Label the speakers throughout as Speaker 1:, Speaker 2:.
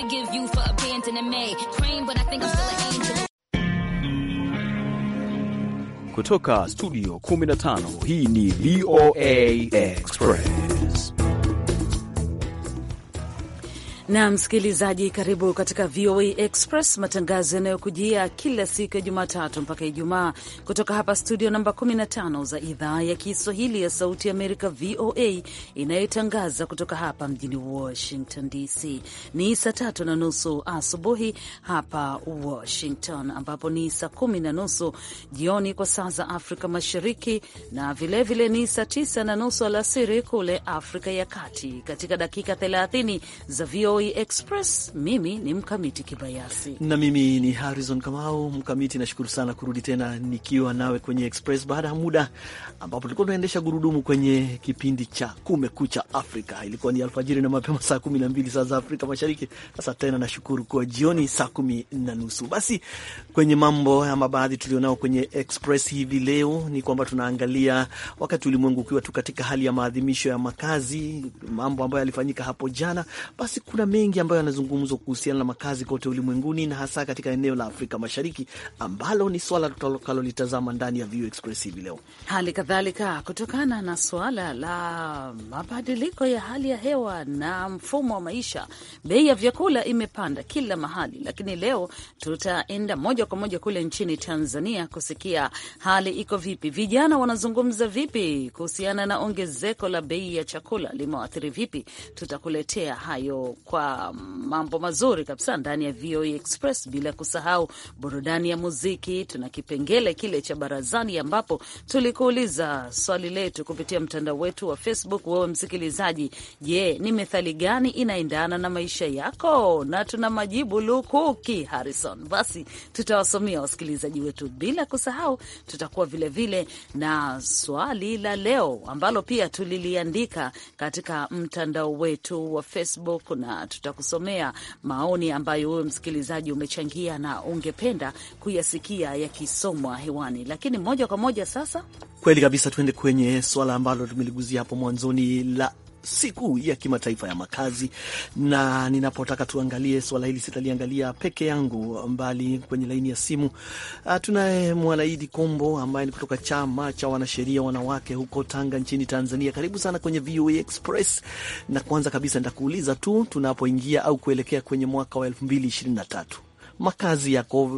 Speaker 1: forgive you for abandoning me. Praying, but I think I'm still an angel.
Speaker 2: Kutoka studio 15 hii ni VOA Express
Speaker 1: na msikilizaji, karibu katika VOA Express, matangazo yanayokujia kila siku ya Jumatatu mpaka Ijumaa kutoka hapa studio namba 15 za idhaa ya Kiswahili ya Sauti ya Amerika, VOA, inayotangaza kutoka hapa mjini Washington DC. Ni saa tatu na nusu asubuhi hapa Washington, ambapo ni saa kumi na nusu jioni kwa saa za Afrika Mashariki, na vilevile vile ni saa tisa na nusu alasiri kule Afrika ya Kati. Katika dakika 30 za VOA VOA Express. Mimi ni Mkamiti Kibayasi
Speaker 2: na mimi ni Harrison Kamau. Mkamiti, nashukuru sana kurudi tena nikiwa nawe kwenye Express baada ya muda ambapo tulikuwa tunaendesha gurudumu kwenye kipindi cha Kumekucha Afrika. Ilikuwa ni alfajiri na mapema saa kumi na mbili saa za Afrika Mashariki. Sasa tena nashukuru kuwa jioni saa kumi na nusu. Basi kwenye mambo ama baadhi tulionao kwenye Express hivi leo ni kwamba tunaangalia wakati ulimwengu ukiwa tu katika hali ya maadhimisho ya makazi, mambo ambayo yalifanyika hapo jana, basi kuna mengi ambayo yanazungumzwa kuhusiana na makazi kote ulimwenguni na hasa katika eneo la Afrika Mashariki, ambalo ni swala tutakalolitazama ndani ya VOA Express hivi leo.
Speaker 1: Hali kadhalika, kutokana na swala la mabadiliko ya hali ya hewa na mfumo wa maisha, bei ya vyakula imepanda kila mahali, lakini leo tutaenda moja kwa moja kule nchini Tanzania kusikia hali iko vipi, vijana wanazungumza vipi kuhusiana na ongezeko la bei ya chakula, limeathiri vipi? Tutakuletea hayo kwa kwa mambo mazuri kabisa ndani ya VOA e Express, bila kusahau burudani ya muziki. Tuna kipengele kile cha barazani, ambapo tulikuuliza swali letu kupitia mtandao wetu wa Facebook. Wewe msikilizaji, je, ni methali gani inaendana na maisha yako? Na tuna majibu lukuki, Harrison. Basi tutawasomia wasikilizaji wetu, bila kusahau tutakuwa vilevile vile na swali la leo ambalo pia tuliliandika katika mtandao wetu wa Facebook na tutakusomea maoni ambayo wewe msikilizaji umechangia na ungependa kuyasikia yakisomwa hewani. Lakini moja kwa moja sasa,
Speaker 2: kweli kabisa, tuende kwenye swala ambalo tumeliguzia hapo mwanzoni la siku ya kimataifa ya makazi, na ninapotaka tuangalie swala hili sitaliangalia peke yangu, mbali kwenye laini ya simu ah, tunaye Mwanaidi Kombo ambaye ni kutoka chama cha wanasheria wanawake huko Tanga nchini Tanzania. Karibu sana kwenye VOA Express, na kwanza kabisa nitakuuliza tu tunapoingia au kuelekea kwenye mwaka wa tatu makazi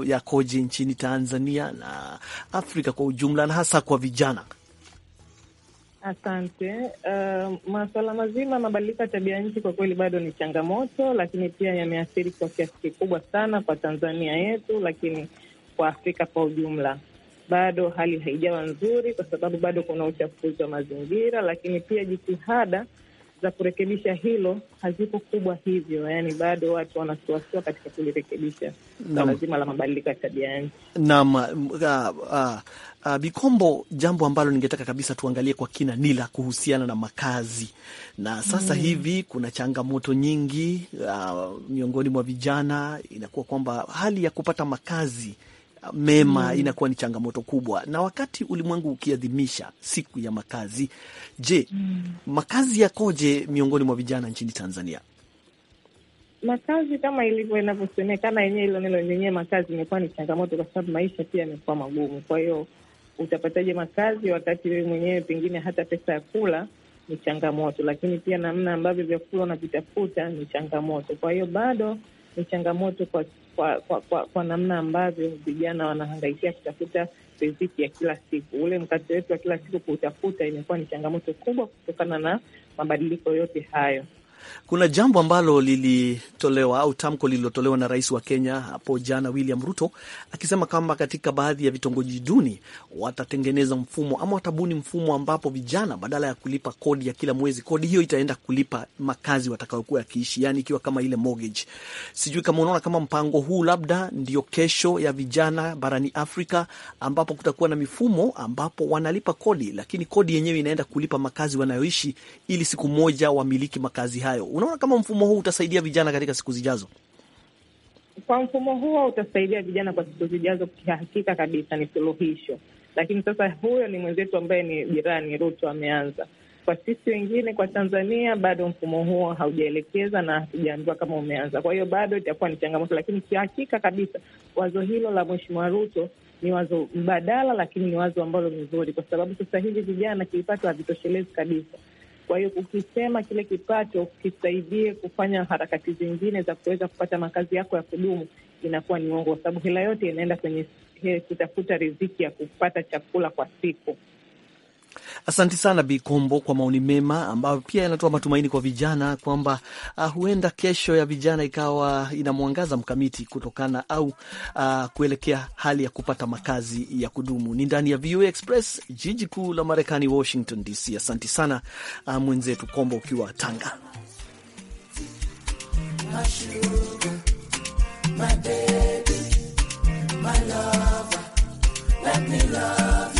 Speaker 2: yakoje nchini Tanzania na Afrika kwa ujumla na hasa kwa vijana?
Speaker 3: Asante. Uh, masuala mazima mabadiliko ya tabia nchi kwa kweli bado ni changamoto, lakini pia yameathiri kwa kiasi kikubwa sana kwa Tanzania yetu, lakini kwa Afrika kwa ujumla bado hali haijawa nzuri, kwa sababu bado kuna uchafuzi wa mazingira, lakini pia jitihada za kurekebisha hilo haziko kubwa hivyo, yaani bado watu wanasuasua katika kulirekebisha swala zima la mabadiliko ya tabia ya nchi.
Speaker 2: Naam. Uh, uh, Uh, Bikombo, jambo ambalo ningetaka kabisa tuangalie kwa kina ni la kuhusiana na makazi, na sasa mm, hivi kuna changamoto nyingi uh, miongoni mwa vijana inakuwa kwamba hali ya kupata makazi ah, mema mm, inakuwa ni changamoto kubwa, na wakati ulimwengu ukiadhimisha siku ya makazi, je, mm, makazi yakoje miongoni mwa vijana nchini Tanzania?
Speaker 3: Makazi kama ilivyo inavyosemekana yenyewe, hilo nilo lenyewe, makazi imekuwa ni changamoto, kwa sababu maisha pia yamekuwa magumu, kwa hiyo utapataje makazi wakati wewe mwenyewe pengine hata pesa ya kula ni changamoto, lakini pia namna ambavyo vyakula unavitafuta ni changamoto. Kwa hiyo bado ni changamoto kwa kwa, kwa, kwa, kwa namna ambavyo vijana wanahangaikia kutafuta riziki ya kila siku. Ule mkate wetu wa kila siku kuutafuta imekuwa ni changamoto kubwa kutokana na mabadiliko yote hayo.
Speaker 2: Kuna jambo ambalo lilitolewa au tamko lililotolewa na rais wa Kenya hapo jana William Ruto akisema kwamba katika baadhi ya vitongoji duni watatengeneza mfumo ama watabuni mfumo ambapo vijana badala ya kulipa kodi ya kila mwezi, kodi hiyo itaenda kulipa makazi watakayokuwa yakiishi, yani ikiwa kama ile mortgage. Sijui kama unaona kama mpango huu labda ndio kesho ya vijana barani Afrika, ambapo kutakuwa na mifumo ambapo wanalipa kodi, lakini kodi yenyewe inaenda kulipa makazi wanayoishi, ili siku moja wamiliki makazi haya hayo. Unaona kama mfumo huu utasaidia vijana katika siku zijazo?
Speaker 3: Kwa mfumo huo utasaidia vijana kwa siku zijazo, kihakika kabisa, ni suluhisho. Lakini sasa huyo ni mwenzetu ambaye ni jirani, Ruto ameanza. Kwa sisi wengine, kwa Tanzania bado mfumo huo haujaelekeza na hatujaambiwa kama umeanza. Kwa hiyo bado itakuwa ni changamoto, lakini kihakika kabisa wazo hilo la Mheshimiwa Ruto ni wazo mbadala, lakini ni wazo ambalo ni zuri, kwa sababu sasa hivi vijana kilipata havitoshelezi kabisa. Kwa hiyo ukisema kile kipato kisaidie kufanya harakati zingine za kuweza kupata makazi yako ya kudumu, inakuwa ni uongo, kwa sababu hela yote inaenda kwenye kutafuta riziki ya kupata chakula kwa siku.
Speaker 2: Asanti sana Bi Kombo kwa maoni mema ambayo pia yanatoa matumaini kwa vijana kwamba uh, huenda kesho ya vijana ikawa inamwangaza mkamiti kutokana au uh, kuelekea hali ya kupata makazi ya kudumu. Ni ndani ya VOA Express, jiji kuu la Marekani, Washington DC. Asanti sana uh, mwenzetu Kombo ukiwa Tanga.
Speaker 4: My sugar, my baby, my lover, let me love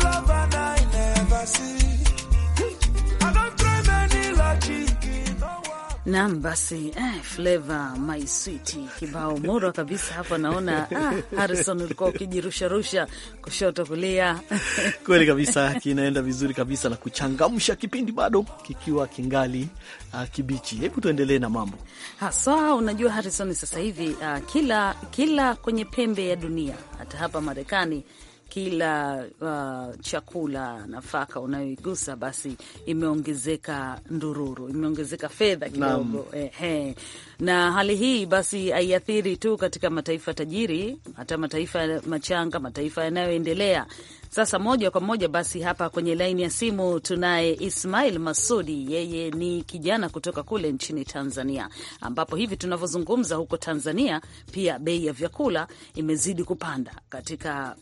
Speaker 1: Nam basi eh, flavo my sweet kibao moro kabisa hapa Naona ah, Harrison ulikuwa ukijirusharusha kushoto kulia kweli kabisa,
Speaker 2: kinaenda vizuri kabisa na kuchangamsha kipindi bado kikiwa
Speaker 1: kingali uh, kibichi. Hebu tuendelee na mambo haswa. Unajua Harrison, sasa hivi ah, kila kila kwenye pembe ya dunia hata hapa Marekani kila uh, chakula, nafaka unayoigusa basi imeongezeka ndururu, imeongezeka fedha kidogo eh, eh. Na hali hii basi haiathiri tu katika mataifa tajiri, hata mataifa machanga, mataifa yanayoendelea. Sasa moja kwa moja basi hapa kwenye laini ya simu tunaye Ismail Masudi. Yeye ni kijana kutoka kule nchini Tanzania, ambapo hivi tunavyozungumza huko Tanzania pia bei ya vyakula imezidi kupanda katika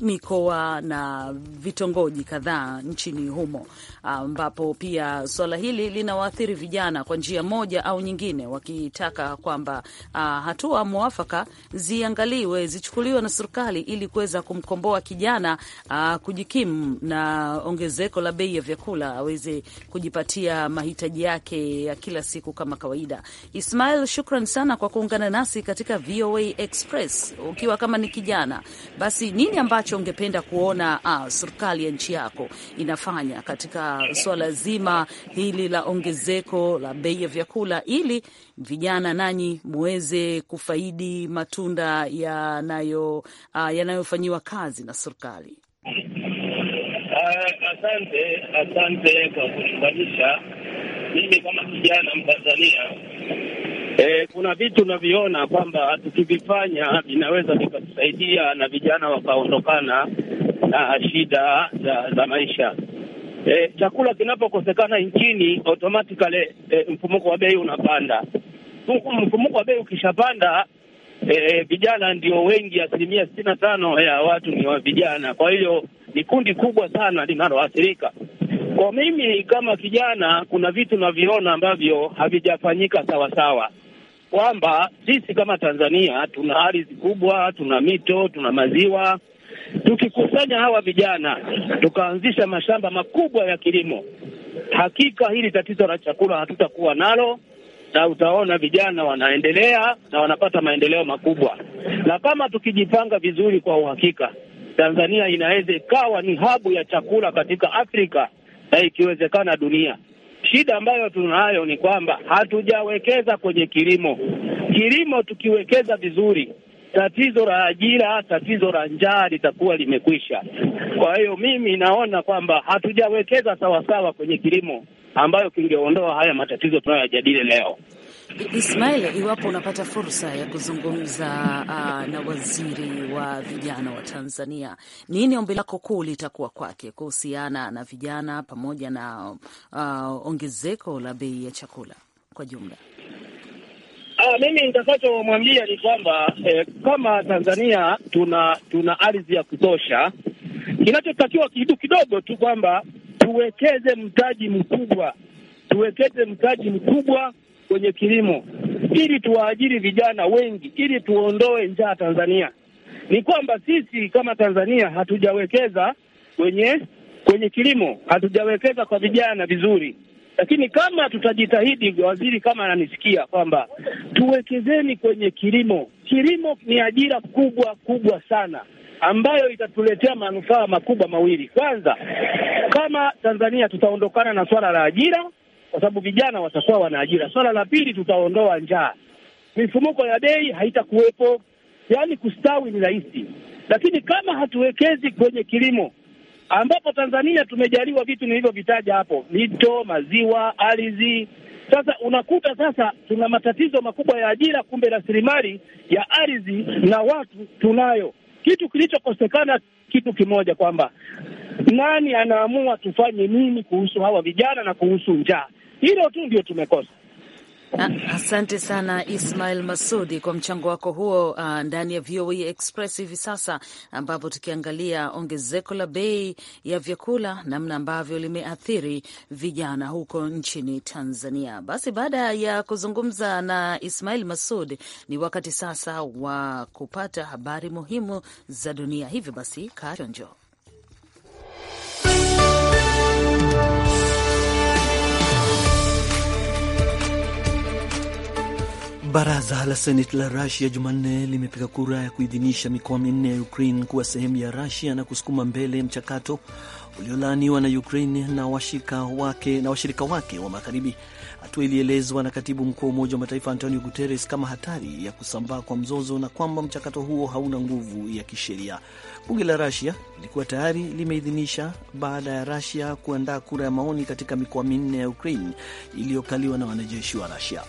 Speaker 1: mikoa na vitongoji kadhaa nchini humo, ambapo pia swala hili linawaathiri vijana kwa njia moja au nyingine, wakitaka kwamba uh, hatua mwafaka ziangaliwe, zichukuliwe na serikali ili kuweza kumkomboa kijana uh, kujikimu na ongezeko la bei ya vyakula, aweze kujipatia mahitaji yake ya kila siku kama kawaida. Ismail, shukran sana kwa kuungana nasi katika VOA Express. Ukiwa kama ni kijana, basi nini ambacho ambacho ungependa kuona uh, serikali ya nchi yako inafanya katika suala zima hili la ongezeko la bei ya vyakula, ili vijana nanyi muweze kufaidi matunda yanayo uh, yanayofanyiwa kazi na serikali?
Speaker 5: Uh, asante, asante kwa kuniunganisha. Mimi kama kijana Mtanzania E, kuna vitu naviona kwamba tukivifanya vinaweza vikatusaidia na vijana wakaondokana na shida za, za maisha. E, chakula kinapokosekana nchini automatically e, mfumuko wa bei unapanda. Mfumuko wa bei ukishapanda e, vijana ndio wengi, asilimia sitini na tano ya watu ni wa vijana, kwa hiyo ni kundi kubwa sana linaloathirika. Kwa mimi kama kijana, kuna vitu naviona ambavyo havijafanyika sawasawa kwamba sisi kama Tanzania tuna ardhi kubwa, tuna mito, tuna maziwa. Tukikusanya hawa vijana tukaanzisha mashamba makubwa ya kilimo, hakika hili tatizo la chakula hatutakuwa nalo, na utaona vijana wanaendelea na wanapata maendeleo makubwa, na kama tukijipanga vizuri, kwa uhakika Tanzania inaweza ikawa ni habu ya chakula katika Afrika na ikiwezekana dunia. Shida ambayo tunayo ni kwamba hatujawekeza kwenye kilimo. Kilimo tukiwekeza vizuri tatizo la ajira, tatizo la njaa litakuwa limekwisha. Kwa hiyo mimi naona kwamba hatujawekeza sawasawa kwenye kilimo ambayo kingeondoa haya matatizo tunayoyajadili leo.
Speaker 1: Ismail, iwapo unapata fursa ya kuzungumza uh, na waziri wa vijana wa Tanzania, nini ombi lako kuu litakuwa kwake kuhusiana na vijana pamoja na uh, ongezeko la bei ya chakula kwa jumla?
Speaker 5: Ah, mimi nitakachomwambia ni
Speaker 1: kwamba eh, kama Tanzania tuna tuna
Speaker 5: ardhi ya kutosha, kinachotakiwa kidu kidogo tu kwamba tuwekeze mtaji mkubwa, tuwekeze mtaji mkubwa kwenye kilimo ili tuwaajiri vijana wengi ili tuondoe njaa Tanzania. Ni kwamba sisi kama Tanzania hatujawekeza kwenye kwenye kilimo, hatujawekeza kwa vijana vizuri, lakini kama tutajitahidi, waziri kama ananisikia, kwamba tuwekezeni kwenye kilimo. Kilimo ni ajira kubwa kubwa sana ambayo itatuletea manufaa makubwa mawili. Kwanza, kama Tanzania tutaondokana na swala la ajira kwa sababu vijana watakuwa wana ajira. Swala la pili, tutaondoa njaa, mifumuko ya bei haitakuwepo. Yaani kustawi ni rahisi, lakini kama hatuwekezi kwenye kilimo ambapo Tanzania tumejaliwa vitu nilivyovitaja hapo, mito, maziwa, ardhi. Sasa unakuta sasa tuna matatizo makubwa ya ajira, kumbe rasilimali ya ardhi na watu tunayo. Kitu kilichokosekana kitu kimoja, kwamba nani anaamua tufanye nini kuhusu hawa vijana na kuhusu njaa. Hilo tu ndio tumekosa.
Speaker 1: Ah, asante sana Ismail Masudi kwa mchango wako huo, uh, ndani ya VOA e Express hivi sasa, ambapo tukiangalia ongezeko la bei ya vyakula, namna ambavyo limeathiri vijana huko nchini Tanzania. Basi baada ya kuzungumza na Ismail Masud, ni wakati sasa wa kupata habari muhimu za dunia. Hivyo basi, Karonjo.
Speaker 2: Baraza la Seneti la Rusia Jumanne limepiga kura ya kuidhinisha mikoa minne ya Ukraine kuwa sehemu ya Rusia na kusukuma mbele mchakato uliolaaniwa na Ukraine na washirika wake, na washirika wake wa magharibi. Hatua ilielezwa na katibu mkuu wa Umoja wa Mataifa Antonio Guterres kama hatari ya kusambaa kwa mzozo na kwamba mchakato huo hauna nguvu ya kisheria. Bunge la Rusia lilikuwa tayari limeidhinisha baada ya Rusia kuandaa kura ya maoni katika mikoa minne ya Ukraine iliyokaliwa na wanajeshi wa Rusia.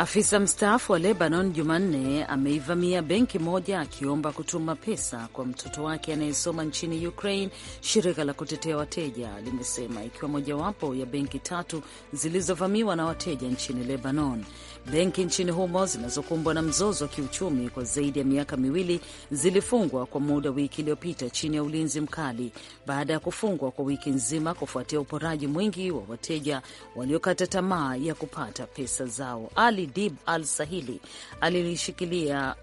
Speaker 1: Afisa mstaafu wa Lebanon Jumanne ameivamia benki moja akiomba kutuma pesa kwa mtoto wake anayesoma nchini Ukraine, shirika la kutetea wateja limesema, ikiwa mojawapo ya benki tatu zilizovamiwa na wateja nchini Lebanon. Benki nchini humo zinazokumbwa na mzozo wa kiuchumi kwa zaidi ya miaka miwili zilifungwa kwa muda wiki iliyopita chini ya ulinzi mkali baada ya kufungwa kwa wiki nzima kufuatia uporaji mwingi wa wateja waliokata tamaa ya kupata pesa zao. Ali Dib Al Sahili alilishikilia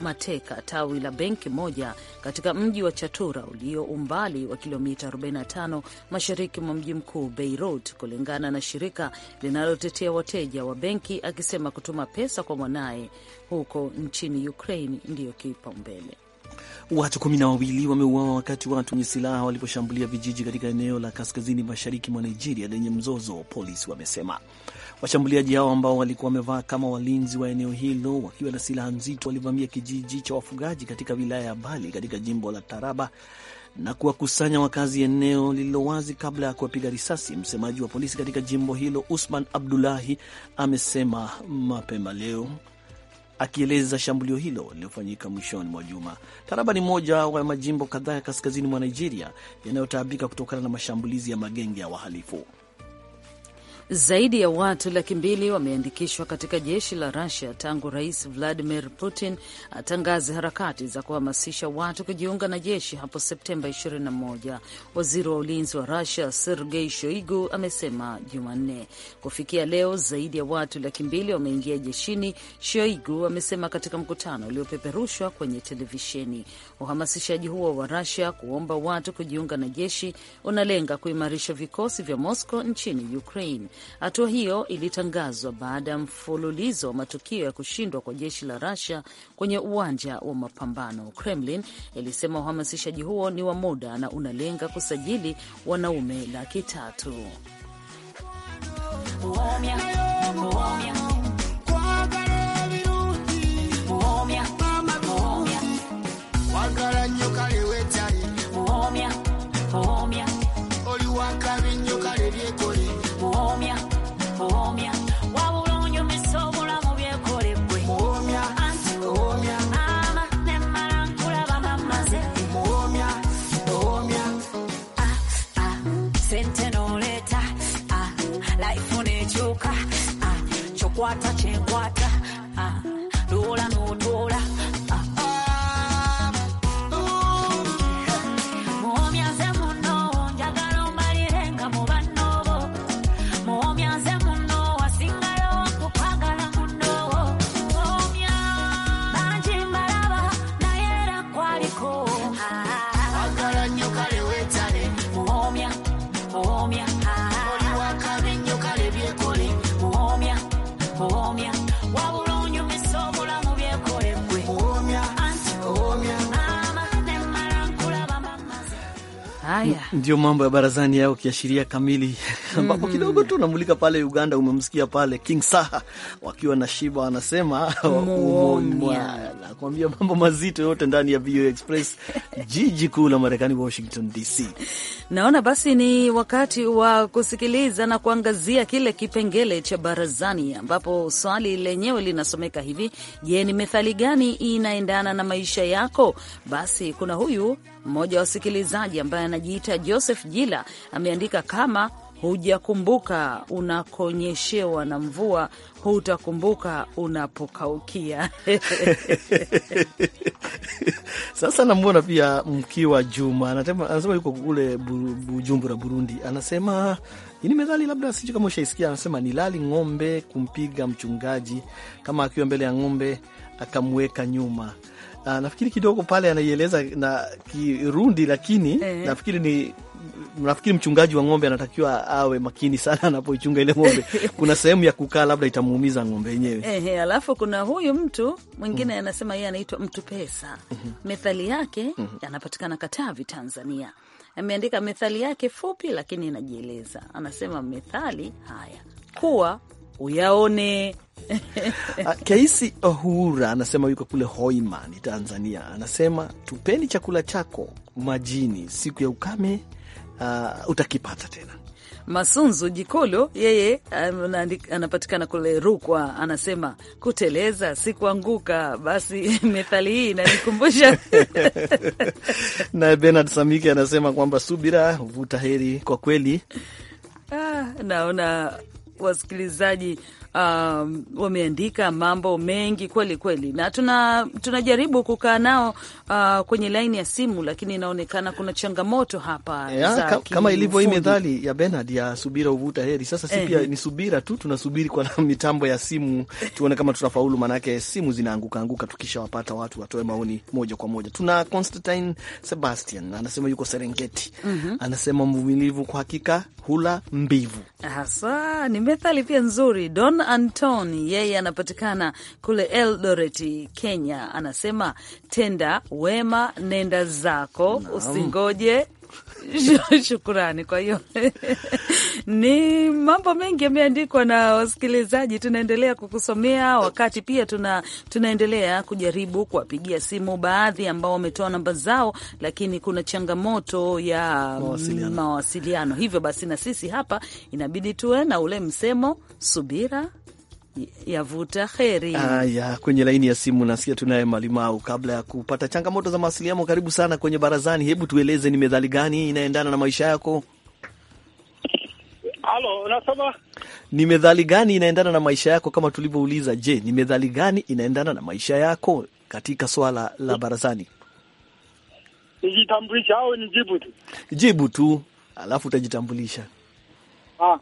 Speaker 1: mateka tawi la benki moja katika mji wa Chatura ulio umbali wa kilomita 45 mashariki mwa mji mkuu Beirut, kulingana na shirika linalotetea wateja wa benki, akisema kutuma pesa kwa mwanaye huko nchini Ukraine ndiyo kipaumbele.
Speaker 2: Watu kumi na wawili wameuawa wakati watu wenye silaha waliposhambulia vijiji katika eneo la kaskazini mashariki mwa Nigeria lenye mzozo, polisi wamesema. Washambuliaji hao ambao walikuwa wamevaa kama walinzi wa eneo hilo wakiwa na silaha nzito walivamia kijiji cha wafugaji katika wilaya ya Bali katika jimbo la Taraba na kuwakusanya wakazi eneo lililo wazi kabla ya kuwapiga risasi. Msemaji wa polisi katika jimbo hilo Usman Abdulahi amesema mapema leo akieleza shambulio hilo lililofanyika mwishoni mwa juma. Taraba ni moja wa majimbo kadhaa ya kaskazini mwa Nigeria yanayotaabika kutokana na mashambulizi ya magenge ya wahalifu.
Speaker 1: Zaidi ya watu laki mbili wameandikishwa katika jeshi la Rusia tangu Rais Vladimir Putin atangaze harakati za kuhamasisha watu kujiunga na jeshi hapo Septemba 21. Waziri wa ulinzi wa Rusia Sergei Shoigu amesema Jumanne. Kufikia leo zaidi ya watu laki mbili wameingia jeshini, Shoigu amesema katika mkutano uliopeperushwa kwenye televisheni. Uhamasishaji huo wa Rusia kuomba watu kujiunga na jeshi unalenga kuimarisha vikosi vya Moscow nchini Ukraine. Hatua hiyo ilitangazwa baada ya mfululizo wa matukio ya kushindwa kwa jeshi la Russia kwenye uwanja wa mapambano. Kremlin ilisema uhamasishaji huo ni wa muda na unalenga kusajili wanaume laki tatu.
Speaker 2: ndio mambo ya barazani yao kiashiria kamili ambapo mm -hmm. kidogo tu namulika pale Uganda. Umemsikia pale King Saha wakiwa na shiba wanasema umoja, nakwambia mambo mazito yote ndani ya VOA Express jiji kuu la Marekani, Washington DC.
Speaker 1: Naona basi ni wakati wa kusikiliza na kuangazia kile kipengele cha barazani, ambapo swali lenyewe linasomeka hivi: Je, ni methali gani inaendana na maisha yako? Basi kuna huyu mmoja wa wasikilizaji ambaye anaj anajiita Joseph Jila ameandika kama hujakumbuka unakonyeshewa na mvua, hutakumbuka unapokaukia.
Speaker 2: Sasa namwona pia Mkiwa Juma anasema yuko kule Bujumbura, Burundi. Anasema ini medhali labda sijui kama ushaisikia. Anasema ni lali ng'ombe kumpiga mchungaji, kama akiwa mbele ya ng'ombe akamweka nyuma Ah, nafikiri kidogo pale anaieleza na Kirundi, lakini eh, nafikiri ni nafikiri mchungaji wa ng'ombe anatakiwa awe makini sana anapoichunga ile ng'ombe. Kuna sehemu ya kukaa, labda itamuumiza ng'ombe yenyewe.
Speaker 1: Ehe, alafu kuna huyu mtu mwingine mm, anasema yeye anaitwa mtu pesa mm -hmm. methali yake mm -hmm. anapatikana Katavi, Tanzania. Ameandika methali yake fupi, lakini inajieleza. Anasema methali haya kuwa uyaone. Ah,
Speaker 2: Keisi Ohura anasema yuko kule Hoima ni Tanzania, anasema tupeni chakula chako majini, siku ya ukame uh, utakipata tena.
Speaker 1: Masunzu Jikolo yeye um, anapatikana kule Rukwa, anasema kuteleza si kuanguka. Basi methali hii inanikumbusha
Speaker 2: naye Benard Samike anasema kwamba subira huvuta heri. Kwa kweli
Speaker 1: ah, naona wasikilizaji um, wameandika mambo mengi kweli kweli, na tuna tunajaribu kukaa nao uh, kwenye laini ya simu, lakini inaonekana kuna changamoto hapa ya, ka, kama, kama ilivyo hii methali
Speaker 2: ya Bernard ya subira uvuta heri. Sasa si pia ni subira tu, tunasubiri kwa mitambo ya simu tuone kama tutafaulu, maanake simu zinaanguka anguka, tukishawapata watu watoe maoni moja kwa moja. Tuna Constantine Sebastian anasema yuko Serengeti. mm -hmm. Anasema mvumilivu kwa hakika hula
Speaker 1: mbivu. Hasa ni methali pia nzuri Don anton Antoni, yeye anapatikana kule Eldoret, Kenya, anasema tenda wema, nenda zako, usingoje Shukurani. Kwa hiyo ni mambo mengi yameandikwa na wasikilizaji, tunaendelea kukusomea wakati pia tuna, tunaendelea kujaribu kuwapigia simu baadhi ambao wametoa namba zao, lakini kuna changamoto ya mawasiliano, mawasiliano. Hivyo basi na sisi hapa inabidi tuwe na ule msemo subira yavuta heri. Aya,
Speaker 2: kwenye laini ya simu nasikia tunaye Malimau. Kabla ya kupata changamoto za mawasiliano, karibu sana kwenye barazani. Hebu tueleze ni methali gani inaendana na maisha yako? Halo, unasema ni methali gani inaendana na maisha yako? Kama tulivyouliza, je, ni methali gani inaendana na maisha yako katika swala la barazani?
Speaker 5: Nijitambulisha au nijibu tu?
Speaker 2: Jibu tu, alafu utajitambulisha.
Speaker 5: Ah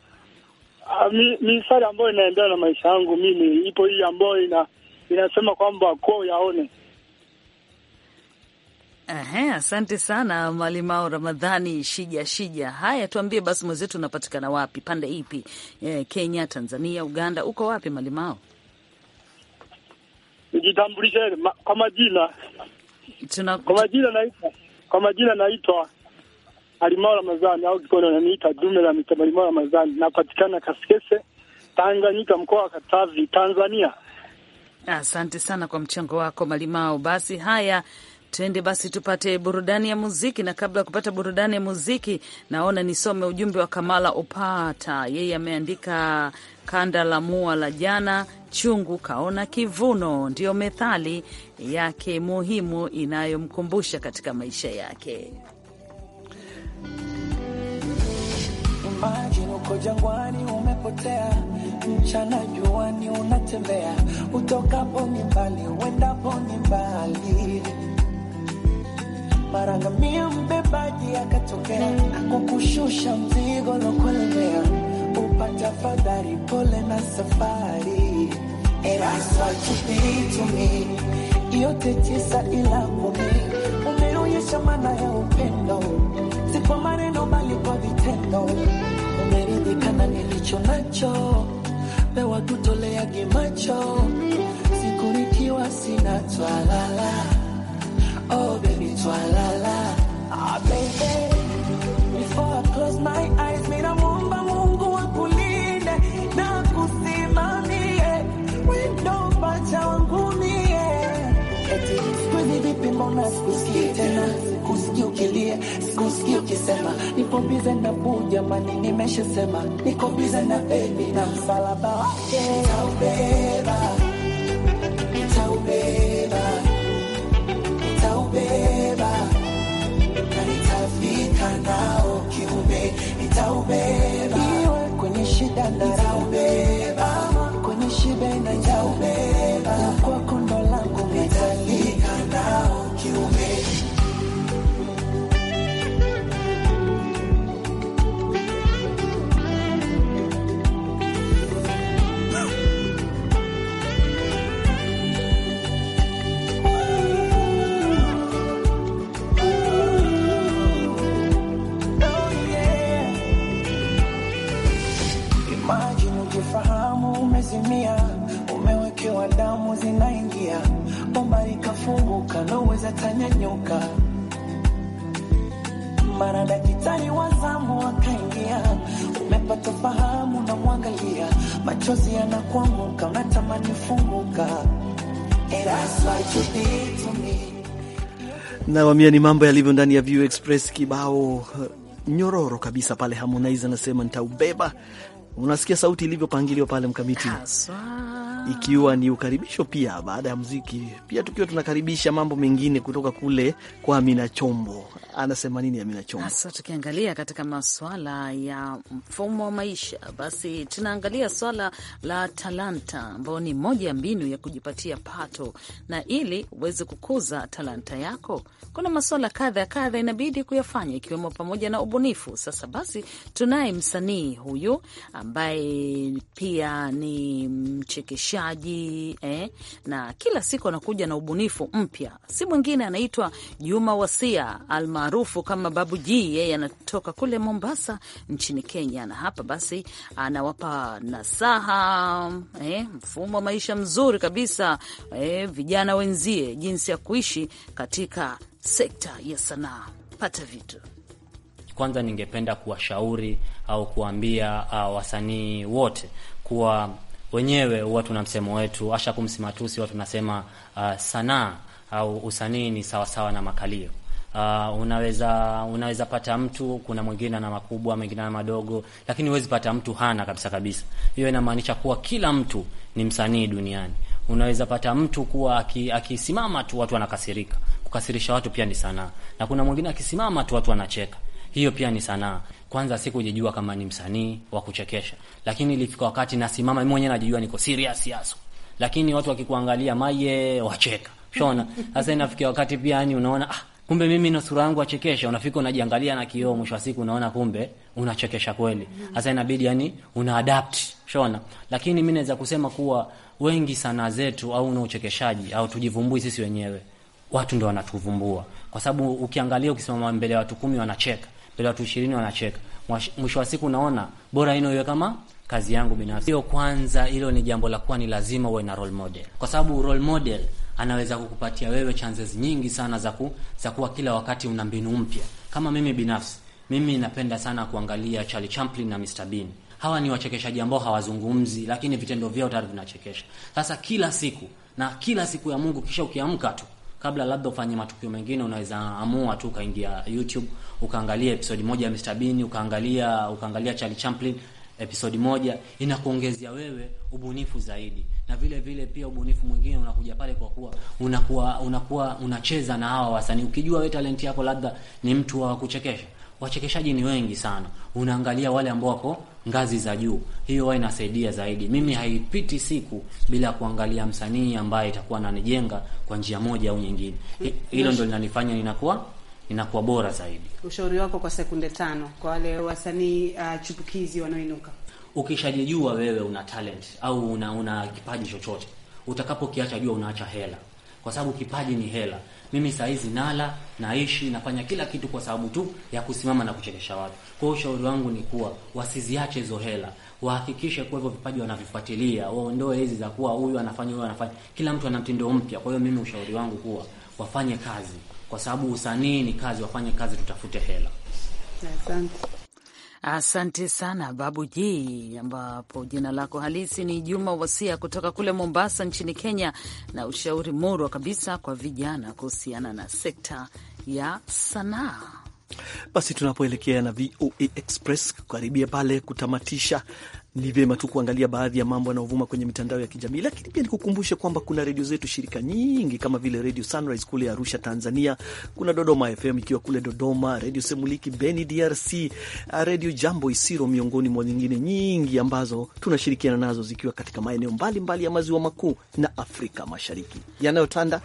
Speaker 5: mistari ah, ambayo inaendana na maisha yangu mimi ipo hii ambayo ina, inasema kwamba ko yaone
Speaker 1: Aha, asante sana Mwalimao Ramadhani Shija Shija. Haya, tuambie basi mwenzetu, unapatikana wapi, pande ipi? E, Kenya, Tanzania, Uganda, uko wapi Mwalimao?
Speaker 5: Nijitambulishe kwa majina tuna... kwa majina naitwa kwa majina naitwa Alimao Ramadhani au Kigondo wananiita dume la mitama. Alimao Ramadhani napatikana Kasikese, Tanganyika, mkoa wa Katavi, Tanzania.
Speaker 1: Asante sana kwa mchango wako Malimao. Basi haya Tuende basi tupate burudani ya muziki, na kabla ya kupata burudani ya muziki, naona nisome ujumbe wa Kamala Opata. Yeye ameandika kanda la mua la jana chungu kaona kivuno, ndiyo methali yake muhimu inayomkumbusha katika maisha yake.
Speaker 4: Imagine uko jangwani umepotea, mchana juani unatembea, utokapo ni mbali, uendapo ni mbali. Mara ngamia mbebaji akatokea, kukushusha mzigo lokolemea, upata fadhari, pole na safari. That's what you did to me, yote tisa ila kumi, umeonyesha maana ya upendo mkono, umeridhika na nilicho nacho, pewa kutoleage macho, siku nikiwa sina twalala. Oh baby twalala, ah baby na kusimamie, wendo sikusikii tena sikusikii ukilia, sikusikii ukisema nipo bize na buu, jamani, nimeshasema niko bize na bebi na msalaba wake taubeba, Mara daktari wa zamu akaingia, umepata fahamu na machozi funguka.
Speaker 2: Nawamia ni mambo yalivyo ndani ya View Express. Kibao uh, nyororo kabisa pale, Harmonize anasema nitaubeba. Unasikia sauti ilivyopangiliwa pale mkamiti Kaswa ikiwa ni ukaribisho pia baada ya mziki, pia tukiwa tunakaribisha mambo mengine kutoka kule kwa Amina Chombo. Anasema nini Amina Chombo? Hasa
Speaker 1: tukiangalia katika maswala ya mfumo wa maisha, basi tunaangalia swala la talanta, ambayo ni moja ya mbinu ya kujipatia pato, na ili uweze kukuza talanta yako kuna maswala kadha ya kadha inabidi kuyafanya, ikiwemo pamoja na ubunifu. Sasa basi tunaye msanii huyu ambaye pia ni mchekesha uchapishaji eh, na kila siku anakuja na ubunifu mpya. Si mwingine anaitwa Juma Wasia almaarufu kama Babu G. Yeye anatoka kule Mombasa nchini Kenya, na hapa basi anawapa nasaha eh, mfumo wa maisha mzuri kabisa eh, vijana wenzie jinsi ya kuishi katika sekta ya sanaa. Pata vitu
Speaker 6: kwanza, ningependa kuwashauri au kuambia uh, wasanii wote kuwa wenyewe huwa tuna msemo wetu asha kumsimatusi, huwa tunasema uh, sanaa au usanii ni sawasawa na makalio. Uh, unaweza unaweza pata mtu, kuna mwingine ana makubwa, mwingine ana madogo, lakini huwezi pata mtu hana kabisa kabisa. Hiyo inamaanisha kuwa kila mtu ni msanii duniani. Unaweza pata mtu kuwa akisimama aki tu watu wanakasirika, kukasirisha watu pia ni sanaa, na kuna mwingine akisimama tu watu wanacheka, hiyo pia ni sanaa. Kwanza sikujijua kama ni msanii wa kuchekesha, lakini ilifika wakati nasimama mimi mwenyewe najijua niko serious yaso, lakini watu wakikuangalia maye wacheka shona. Sasa inafikia wakati pia yani unaona ah, kumbe mimi na sura yangu wachekesha. Unafika unajiangalia na kioo, mwisho wa siku unaona kumbe unachekesha kweli. Sasa inabidi yani una adapt shona, lakini mimi naweza kusema kuwa wengi sana zetu au na uchekeshaji au tujivumbui sisi wenyewe, watu ndio wanatuvumbua, kwa sababu ukiangalia, ukisimama mbele ya watu kumi wanacheka, mbele ya watu ishirini wanacheka, mwisho wa siku unaona bora ino iwe kama kazi yangu binafsi. Hiyo kwanza, hilo ni jambo la kuwa ni lazima uwe na role model, kwa sababu role model anaweza kukupatia wewe chances nyingi sana za ku, za kuwa kila wakati una mbinu mpya. Kama mimi binafsi, mimi napenda sana kuangalia Charlie Chaplin na Mr Bean. Hawa ni wachekeshaji ambao hawazungumzi, lakini vitendo vyao tayari vinachekesha. Sasa kila siku na kila siku ya Mungu, kisha ukiamka tu kabla labda ufanye matukio mengine, unaweza amua tu ukaingia YouTube ukaangalia episode moja ya Mr Bean, ukaangalia ukaangalia Charlie Chaplin episodi moja inakuongezea wewe ubunifu zaidi, na vile vile pia ubunifu mwingine unakuja pale kwa kuwa unakuwa unakuwa unacheza na hawa wasanii. Ukijua wewe talenti yako labda ni mtu wa kuchekesha, wachekeshaji ni wengi sana, unaangalia wale ambao wako ngazi za juu, hiyo huwa inasaidia zaidi. Mimi haipiti siku bila kuangalia msanii ambaye itakuwa ananijenga kwa njia moja au nyingine. Mm-hmm. Hilo ndio linanifanya ninakuwa inakuwa bora zaidi.
Speaker 3: Ushauri wako kwa sekunde tano kwa wale wasanii uh, chupukizi wanaoinuka?
Speaker 6: Ukishajijua wewe una talent au una, una kipaji chochote, utakapokiacha jua unaacha hela kwa sababu kipaji ni hela. Mimi saa hizi nala, naishi, nafanya kila kitu kwa sababu tu ya kusimama na kuchekesha watu. Kwa hiyo ushauri wangu ni kuwa wasiziache hizo hela, wahakikishe kuwa hivyo vipaji wanavifuatilia, waondoe hizi za kuwa huyu anafanya huyu anafanya, kila mtu ana mtindo mpya. Kwa hiyo mimi ushauri wangu kuwa wafanye kazi, kwa sababu usanii ni kazi, wafanye kazi, tutafute hela.
Speaker 1: Asante. Asante sana Babu J, ambapo jina lako halisi ni Juma Wasia kutoka kule Mombasa nchini Kenya, na ushauri morwa kabisa kwa vijana kuhusiana na sekta ya sanaa.
Speaker 2: Basi tunapoelekea na VOA Express kukaribia pale kutamatisha, ni vyema tu kuangalia baadhi ya mambo yanayovuma kwenye mitandao ya kijamii, lakini pia nikukumbushe kwamba kuna redio zetu shirika nyingi kama vile Radio Sunrise kule Arusha, Tanzania, kuna Dodoma FM ikiwa kule Dodoma, redio Semuliki Beni, DRC, ah, Redio Jambo Isiro, miongoni mwa nyingine nyingi ambazo tunashirikiana nazo zikiwa katika maeneo mbalimbali ya maziwa makuu na Afrika Mashariki
Speaker 1: yanayotanda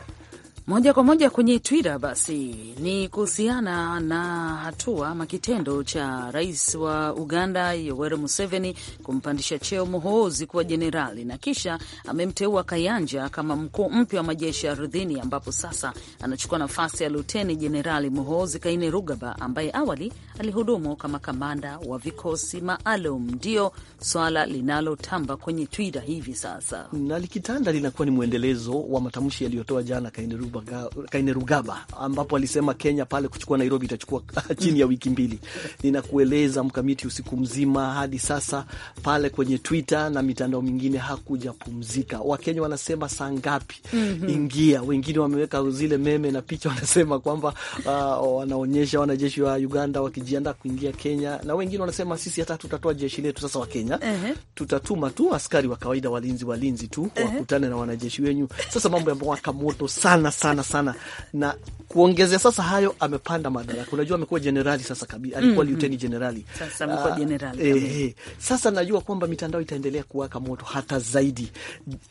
Speaker 1: moja kwa moja kwenye Twitter basi ni kuhusiana na hatua ama kitendo cha rais wa Uganda Yoweri Museveni kumpandisha cheo Muhoozi kuwa jenerali na kisha amemteua Kayanja kama mkuu mpya wa majeshi ya ardhini, ambapo sasa anachukua nafasi ya luteni jenerali Muhoozi Kainerugaba ambaye awali alihudumu kama kamanda wa vikosi maalum. Ndio swala linalotamba kwenye Twitter hivi sasa,
Speaker 2: na likitanda linakuwa ni mwendelezo wa matamshi yaliyotoa jana Kainerugaba Kainerugaba ambapo alisema Kenya pale kuchukua Nairobi itachukua chini ya wiki mbili. Ninakueleza mkamiti, usiku mzima hadi sasa pale kwenye Twitter na mitandao mingine hakuja pumzika. Wakenya wanasema saa ngapi mm -hmm. ingia. Wengine wameweka zile meme na picha, wanasema kwamba uh, wanaonyesha wanajeshi wa Uganda wakijiandaa kuingia Kenya, na wengine wanasema sisi hata tutatoa jeshi letu sasa Wakenya uh -huh. tutatuma tu askari wa kawaida, walinzi walinzi tu uh -huh. wakutane na wanajeshi wenyu. Sasa mambo yamewaka moto sana sana sana sana na kuongezea sasa hayo, amepanda madaraka. Unajua, amekuwa jenerali sasa kabisa, alikuwa mm -hmm. liuteni jenerali
Speaker 3: sasa, amekuwa ah,
Speaker 2: jenerali eh, eh. Sasa najua kwamba mitandao itaendelea kuwaka moto hata zaidi.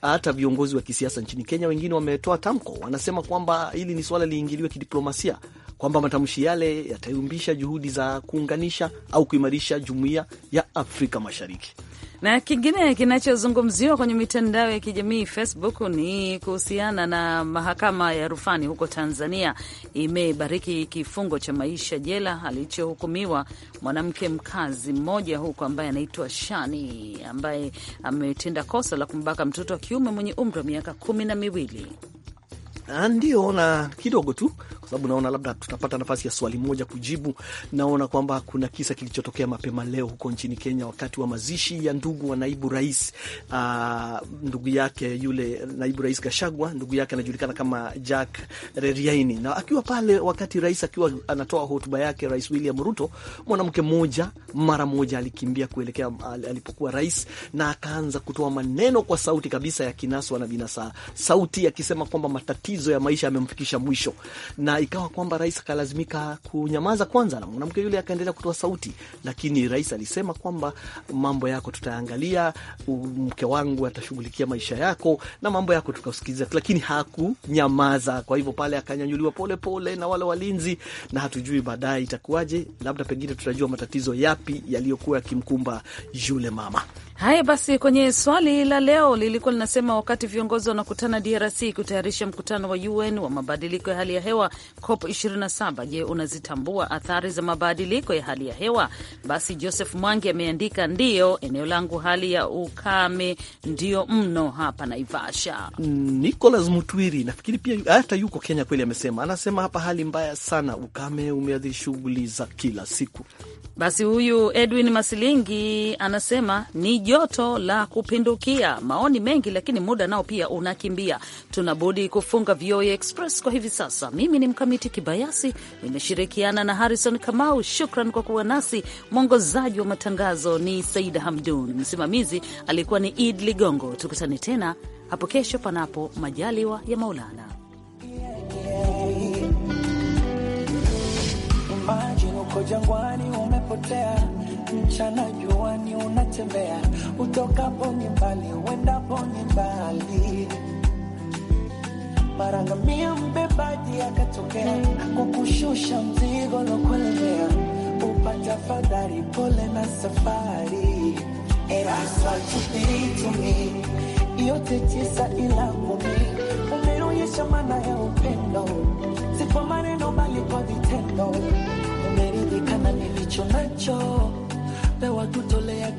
Speaker 2: Hata viongozi wa kisiasa nchini Kenya wengine wametoa tamko, wanasema kwamba hili ni swala liingiliwe kidiplomasia, kwamba matamshi yale yatayumbisha juhudi za kuunganisha au kuimarisha jumuiya ya Afrika
Speaker 1: Mashariki. Na kingine kinachozungumziwa kwenye mitandao ya kijamii Facebook ni kuhusiana na mahakama ya rufani huko Tanzania imebariki kifungo cha maisha jela alichohukumiwa mwanamke mkazi mmoja huko ambaye anaitwa Shani ambaye ametenda kosa la kumbaka mtoto wa kiume mwenye umri wa miaka kumi na miwili.
Speaker 2: Ah, ndio, na kidogo tu sababu naona labda tutapata nafasi ya swali moja kujibu. Naona kwamba kuna kisa kilichotokea mapema leo huko nchini Kenya wakati wa mazishi ya ndugu wa naibu rais uh, ndugu yake yule naibu rais Gashagwa, ndugu yake anajulikana kama Jack Reriaini, na akiwa pale, wakati rais akiwa anatoa hotuba yake, Rais William Ruto, mwanamke mmoja mara moja alikimbia kuelekea alipokuwa rais na akaanza kutoa maneno kwa sauti kabisa ya kinaswa na binasa, sauti akisema kwamba matatizo ya maisha yamemfikisha mwisho na ikawa kwamba rais akalazimika kunyamaza kwanza, na mwanamke yule akaendelea kutoa sauti, lakini rais alisema kwamba mambo yako tutaangalia, mke wangu atashughulikia maisha yako na mambo yako tukasikiliza, lakini hakunyamaza. Kwa hivyo pale akanyanyuliwa polepole na wale walinzi, na hatujui baadaye itakuwaje, labda pengine tutajua matatizo yapi yaliyokuwa yakimkumba yule
Speaker 1: mama. Haya basi, kwenye swali la leo lilikuwa linasema, wakati viongozi wanakutana DRC kutayarisha mkutano wa UN wa mabadiliko ya hali ya hewa COP 27, je, unazitambua athari za mabadiliko ya hali ya hewa? Basi Joseph Mwangi ameandika, ndiyo, eneo langu hali ya ukame ndio mno hapa Naivasha.
Speaker 2: Nicolas Mutwiri nafikiri pia hata yuko Kenya kweli, amesema, anasema hapa hali mbaya sana, ukame umeadhiri shughuli za kila siku.
Speaker 1: Basi huyu Edwin Masilingi anasema ni joto la kupindukia. Maoni mengi, lakini muda nao pia unakimbia. Tunabudi kufunga VOA Express kwa hivi sasa. Mimi ni Mkamiti Kibayasi, nimeshirikiana na Harrison Kamau. Shukran kwa kuwa nasi. Mwongozaji wa matangazo ni Saida Hamdun, msimamizi alikuwa ni Id Ligongo. Tukutane tena hapo kesho, panapo majaliwa ya Maulana. yeah,
Speaker 4: yeah. jangwani mchana juani, unatembea utokapo ni mbali, uendapo ni mbali. Mara ngamia mbebaji akatokea kukushusha mzigo lokulemea, upata fadhari, pole na safari. Yote tisa ila kumi, umeonyesha maana ya upendo, si kwa maneno bali kwa vitendo. Umeridhika nilicho nacho tunapewa tutolea